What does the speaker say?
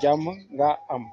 jàmm nga am